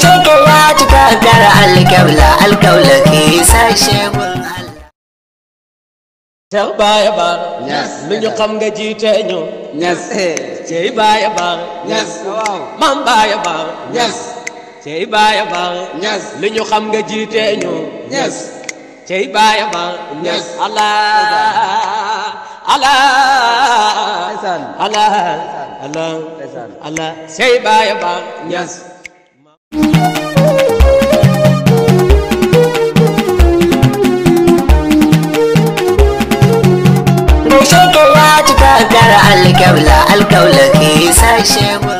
shekar ya ci kakar alkaula alkaula ke sashe gun Tew baay baax lu ñu xam nga jiite ñu ñes cey baay baax ñes maam baay baax ñes cey baay baax ñes lu ñu xam nga jiite ñu ñes cey baay baax ñes Allah Allah Allah Allah Allah cey baay baax ñes karshe ya alkaula alkaula ke sashe gudu